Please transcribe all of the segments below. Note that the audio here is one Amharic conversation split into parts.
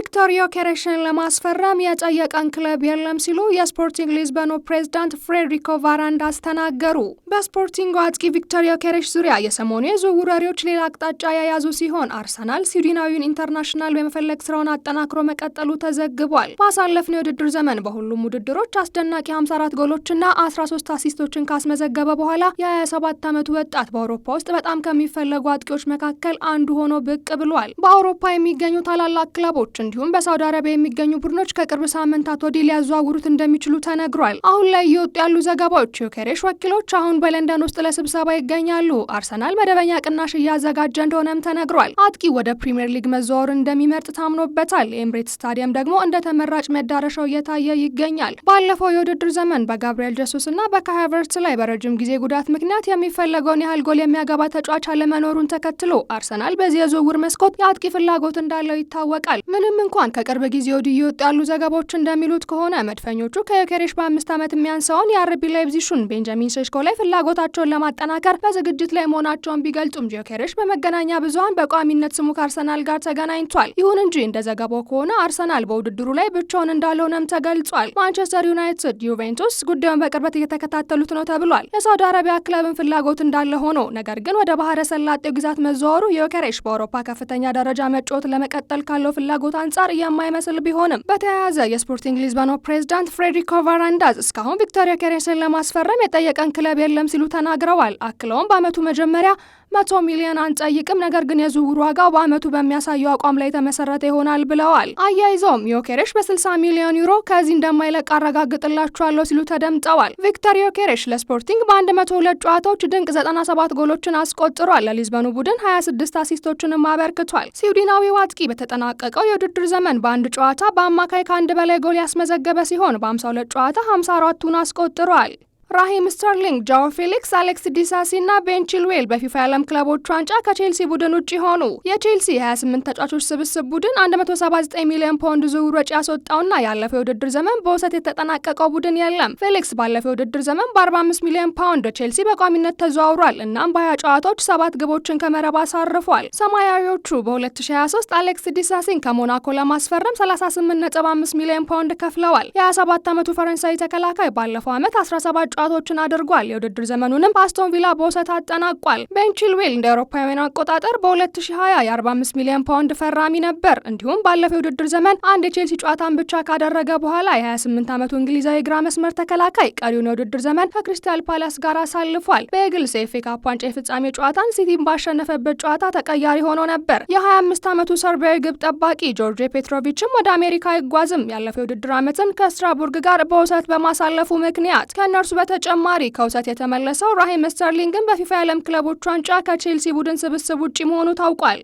ቪክቶሪዮ ኬሬሽን ለማስፈረም የጠየቀን ክለብ የለም ሲሉ የስፖርቲንግ ሊዝበኑ ፕሬዝዳንት ፍሬድሪኮ ቫራንዳስ ተናገሩ። በስፖርቲንግ አጥቂ ቪክቶሪዮ ኬሬሽ ዙሪያ የሰሞኑ የዝውውር ወሬዎች ሌላ አቅጣጫ የያዙ ሲሆን አርሰናል ስዊድናዊውን ኢንተርናሽናል በመፈለግ ስራውን አጠናክሮ መቀጠሉ ተዘግቧል። ባሳለፍነው የውድድር ዘመን በሁሉም ውድድሮች አስደናቂ 54 ጎሎችና 13 አሲስቶችን ካስመዘገበ በኋላ የ27 ዓመቱ ወጣት በአውሮፓ ውስጥ በጣም ከሚፈለጉ አጥቂዎች መካከል አንዱ ሆኖ ብቅ ብሏል። በአውሮፓ የሚገኙ ታላላቅ ክለቦች ። እንዲሁም በሳውዲ አረቢያ የሚገኙ ቡድኖች ከቅርብ ሳምንታት ወዲህ ሊያዘዋውሩት እንደሚችሉ ተነግሯል። አሁን ላይ እየወጡ ያሉ ዘገባዎች ዮኬሬሽ ወኪሎች አሁን በለንደን ውስጥ ለስብሰባ ይገኛሉ። አርሰናል መደበኛ ቅናሽ እያዘጋጀ እንደሆነም ተነግሯል። አጥቂ ወደ ፕሪምየር ሊግ መዘዋወር እንደሚመርጥ ታምኖበታል። ኤምሬት ስታዲየም ደግሞ እንደ ተመራጭ መዳረሻው እየታየ ይገኛል። ባለፈው የውድድር ዘመን በጋብሪኤል ጀሱስ እና በካይ ላይ በረጅም ጊዜ ጉዳት ምክንያት የሚፈለገውን ያህል ጎል የሚያገባ ተጫዋች አለመኖሩን ተከትሎ አርሰናል በዚህ የዝውውር መስኮት የአጥቂ ፍላጎት እንዳለው ይታወቃል። ምንም ምንም እንኳን ከቅርብ ጊዜ ወዲህ እየወጡ ያሉ ዘገባዎች እንደሚሉት ከሆነ መድፈኞቹ ከዮኬሬሽ በአምስት ዓመት የሚያንሰውን የአርቢ ላይፕዚሹን ቤንጃሚን ሴሽኮ ላይ ፍላጎታቸውን ለማጠናከር በዝግጅት ላይ መሆናቸውን ቢገልጹም ዮኬሬሽ በመገናኛ ብዙኃን በቋሚነት ስሙ ከአርሰናል ጋር ተገናኝቷል። ይሁን እንጂ እንደ ዘገባው ከሆነ አርሰናል በውድድሩ ላይ ብቻውን እንዳልሆነም ተገልጿል። ማንቸስተር ዩናይትድ፣ ዩቬንቱስ ጉዳዩን በቅርበት እየተከታተሉት ነው ተብሏል። የሳውዲ አረቢያ ክለብን ፍላጎት እንዳለ ሆኖ ነገር ግን ወደ ባህረ ሰላጤው ግዛት መዘዋወሩ ዮኬሬሽ በአውሮፓ ከፍተኛ ደረጃ መጫወት ለመቀጠል ካለው ፍላጎት አንጻር የማይመስል ቢሆንም በተያያዘ የስፖርቲንግ ሊዝበኖ ፕሬዚዳንት ፍሬድሪኮ ቫራንዳዝ እስካሁን ቪክቶሪያ ኬሬስን ለማስፈረም የጠየቀን ክለብ የለም ሲሉ ተናግረዋል። አክለውም በዓመቱ መጀመሪያ መቶ ሚሊዮን አንጠይቅም፣ ነገር ግን የዝውውር ዋጋው በአመቱ በሚያሳየው አቋም ላይ የተመሰረተ ይሆናል ብለዋል። አያይዘውም ዮኬሬሽ በ60 ሚሊዮን ዩሮ ከዚህ እንደማይለቅ አረጋግጥላችኋለሁ ሲሉ ተደምጠዋል። ቪክተር ዮኬሬሽ ለስፖርቲንግ በ102 ጨዋታዎች ድንቅ 97 ጎሎችን አስቆጥሯል። ለሊዝበኑ ቡድን 26 አሲስቶችንም አበርክቷል። ስዊድናዊው አጥቂ በተጠናቀቀው የውድድር ዘመን በአንድ ጨዋታ በአማካይ ከአንድ በላይ ጎል ያስመዘገበ ሲሆን በ52 ጨዋታ 54ቱን አስቆጥሯል። ራሂም ስተርሊንግ፣ ጃውን ፌሊክስ፣ አሌክስ ዲሳሲ እና ቤን ቺልዌል በፊፋ የዓለም ክለቦች ዋንጫ ከቼልሲ ቡድን ውጭ ሆኑ። የቼልሲ 28 ተጫዋቾች ስብስብ ቡድን 179 ሚሊዮን ፓውንድ ዝውውር ወጪ ያስወጣውና ያለፈው የውድድር ዘመን በውሰት የተጠናቀቀው ቡድን የለም። ፌሊክስ ባለፈው የውድድር ዘመን በ45 ሚሊዮን ፓውንድ ቼልሲ በቋሚነት ተዘዋውሯል። እናም በሀያ ጨዋታዎች ሰባት ግቦችን ከመረብ አሳርፏል። ሰማያዊዎቹ በ2023 አሌክስ ዲሳሲን ከሞናኮ ለማስፈረም 38.5 ሚሊዮን ፓውንድ ከፍለዋል። የ27 ዓመቱ ፈረንሳዊ ተከላካይ ባለፈው ዓመት 17 ጨዋታዎችን አድርጓል። የውድድር ዘመኑንም አስቶን ቪላ በውሰት አጠናቋል። ቤን ቺልዌል እንደ አውሮፓውያን አቆጣጠር በ2020 የ45 ሚሊዮን ፓውንድ ፈራሚ ነበር። እንዲሁም ባለፈው የውድድር ዘመን አንድ የቼልሲ ጨዋታን ብቻ ካደረገ በኋላ የ28 ዓመቱ እንግሊዛዊ ግራ መስመር ተከላካይ ቀሪውን የውድድር ዘመን ከክሪስታል ፓላስ ጋር አሳልፏል። በግልጽ የኤፍ ኤ ካፕ ዋንጫ የፍጻሜ ጨዋታን ሲቲን ባሸነፈበት ጨዋታ ተቀያሪ ሆኖ ነበር። የ25 ዓመቱ ሰርቢያዊ ግብ ጠባቂ ጆርጅ ፔትሮቪችም ወደ አሜሪካ አይጓዝም። ያለፈው የውድድር ዓመትን ከስትራቡርግ ጋር በውሰት በማሳለፉ ምክንያት ከእነርሱ በተጨማሪ ከውሰት የተመለሰው ራሂም ስተርሊንግን በፊፋ የዓለም ክለቦች ዋንጫ ከቼልሲ ቡድን ስብስብ ውጪ መሆኑ ታውቋል።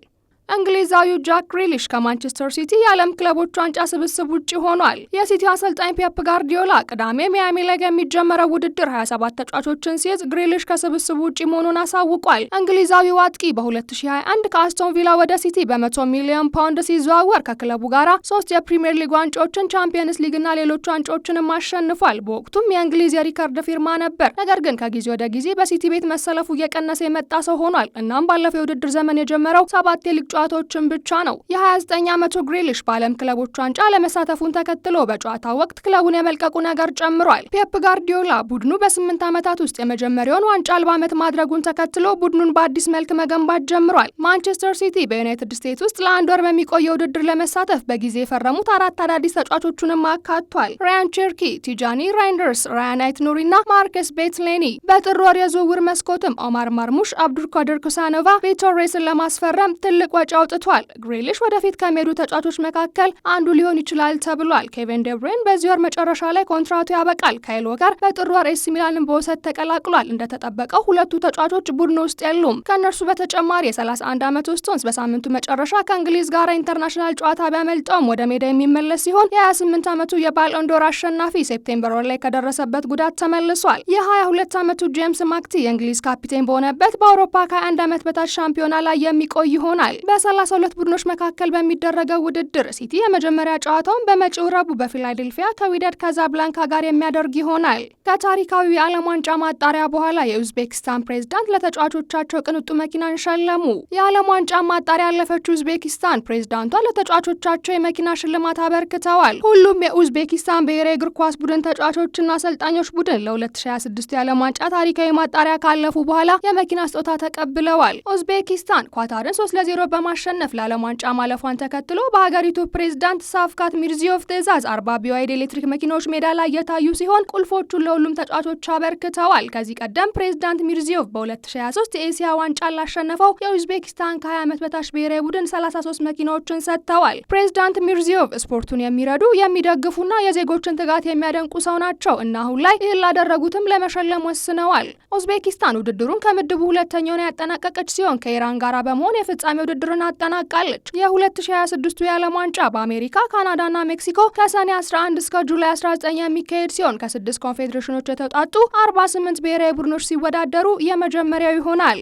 እንግሊዛዊው ጃክ ግሪሊሽ ከማንቸስተር ሲቲ የዓለም ክለቦች ዋንጫ ስብስብ ውጭ ሆኗል። የሲቲው አሰልጣኝ ፔፕ ጋርዲዮላ ቅዳሜ ሚያሚ ላይ የሚጀመረው ውድድር 27 ተጫዋቾችን ሲይዝ ግሪሊሽ ከስብስቡ ውጭ መሆኑን አሳውቋል። እንግሊዛዊው አጥቂ በ2021 ከአስቶን ቪላ ወደ ሲቲ በ100 ሚሊዮን ፓውንድ ሲዘዋወር ከክለቡ ጋር ሶስት የፕሪምየር ሊግ ዋንጫዎችን፣ ቻምፒየንስ ሊግና ሌሎች ዋንጫዎችንም አሸንፏል። በወቅቱም የእንግሊዝ የሪከርድ ፊርማ ነበር። ነገር ግን ከጊዜ ወደ ጊዜ በሲቲ ቤት መሰለፉ እየቀነሰ የመጣ ሰው ሆኗል። እናም ባለፈው የውድድር ዘመን የጀመረው ሰባት የሊግ ጨዋታዎችን ብቻ ነው። የ29 ዓመቱ ግሪሊሽ በዓለም ክለቦች ዋንጫ ለመሳተፉን ተከትሎ በጨዋታ ወቅት ክለቡን የመልቀቁ ነገር ጨምሯል። ፔፕ ጋርዲዮላ ቡድኑ በስምንት ዓመታት ውስጥ የመጀመሪያውን ዋንጫ አልባ ዓመት ማድረጉን ተከትሎ ቡድኑን በአዲስ መልክ መገንባት ጀምሯል። ማንቸስተር ሲቲ በዩናይትድ ስቴትስ ውስጥ ለአንድ ወር በሚቆየው ውድድር ለመሳተፍ በጊዜ የፈረሙት አራት አዳዲስ ተጫዋቾቹንም አካቷል። ራያን ቸርኪ፣ ቲጃኒ ራይንደርስ፣ ራያናይት ኑሪ እና ማርከስ ቤትሌኒ። በጥር ወር የዝውውር መስኮትም ኦማር ማርሙሽ፣ አብዱልኳድር ኩሳኖቫ፣ ቪቶሬስን ለማስፈረም ትልቅ ወ መግለጫ አውጥቷል። ግሬሊሽ ወደፊት ከሚሄዱ ተጫዋቾች መካከል አንዱ ሊሆን ይችላል ተብሏል። ኬቨን ደብሬን በዚህ ወር መጨረሻ ላይ ኮንትራቱ ያበቃል። ካይል ጋር በጥር ወር ኤሲ ሚላንን በውሰት ተቀላቅሏል። እንደተጠበቀው ሁለቱ ተጫዋቾች ቡድን ውስጥ የሉም። ከእነርሱ በተጨማሪ የ31 ዓመት ስቶንስ በሳምንቱ መጨረሻ ከእንግሊዝ ጋር ኢንተርናሽናል ጨዋታ ቢያመልጠውም ወደ ሜዳ የሚመለስ ሲሆን የ28 ዓመቱ የባልኦንዶር አሸናፊ ሴፕቴምበር ወር ላይ ከደረሰበት ጉዳት ተመልሷል። የ22 ዓመቱ ጄምስ ማክቲ የእንግሊዝ ካፒቴን በሆነበት በአውሮፓ ከ21 ዓመት በታች ሻምፒዮና ላይ የሚቆይ ይሆናል። በሰላሳ ሁለት ቡድኖች መካከል በሚደረገው ውድድር ሲቲ የመጀመሪያ ጨዋታውን በመጪው ረቡዕ በፊላዴልፊያ ከዊደድ ከዛብላንካ ጋር የሚያደርግ ይሆናል። ከታሪካዊ የዓለም ዋንጫ ማጣሪያ በኋላ የኡዝቤክስታን ፕሬዝዳንት ለተጫዋቾቻቸው ቅንጡ መኪናን ሸለሙ። የዓለም ዋንጫ ማጣሪያ ያለፈችው ኡዝቤኪስታን ፕሬዝዳንቷ ለተጫዋቾቻቸው የመኪና ሽልማት አበርክተዋል። ሁሉም የኡዝቤኪስታን ብሔራዊ እግር ኳስ ቡድን ተጫዋቾችና አሰልጣኞች ቡድን ለ2026 የዓለም ዋንጫ ታሪካዊ ማጣሪያ ካለፉ በኋላ የመኪና ስጦታ ተቀብለዋል። ኡዝቤኪስታን ኳታርን 3 ለ0 በማ በማሸነፍ ለዓለም ዋንጫ ማለፏን ተከትሎ በሀገሪቱ ፕሬዝዳንት ሳፍካት ሚርዚዮቭ ትዕዛዝ አርባ ቢዋይድ ኤሌክትሪክ መኪናዎች ሜዳ ላይ የታዩ ሲሆን ቁልፎቹን ለሁሉም ተጫዋቾች አበርክተዋል። ከዚህ ቀደም ፕሬዝዳንት ሚርዚዮቭ በ2023 የኤሲያ ዋንጫ ላሸነፈው የኡዝቤኪስታን ከ20 ዓመት በታች ብሔራዊ ቡድን 33 መኪናዎችን ሰጥተዋል። ፕሬዝዳንት ሚርዚዮቭ ስፖርቱን የሚረዱ የሚደግፉና የዜጎችን ትጋት የሚያደንቁ ሰው ናቸው እና አሁን ላይ ይህን ላደረጉትም ለመሸለም ወስነዋል። ኡዝቤኪስታን ውድድሩን ከምድቡ ሁለተኛውን ያጠናቀቀች ሲሆን ከኢራን ጋራ በመሆን የፍጻሜ ውድድር ውድድርን አጠናቃለች። 2026 የዓለም ዋንጫ በአሜሪካ፣ ካናዳና ሜክሲኮ ከሰኔ 11 እስከ ጁላይ 19 የሚካሄድ ሲሆን ከስድስት ኮንፌዴሬሽኖች የተውጣጡ 48 ብሔራዊ ቡድኖች ሲወዳደሩ የመጀመሪያው ይሆናል።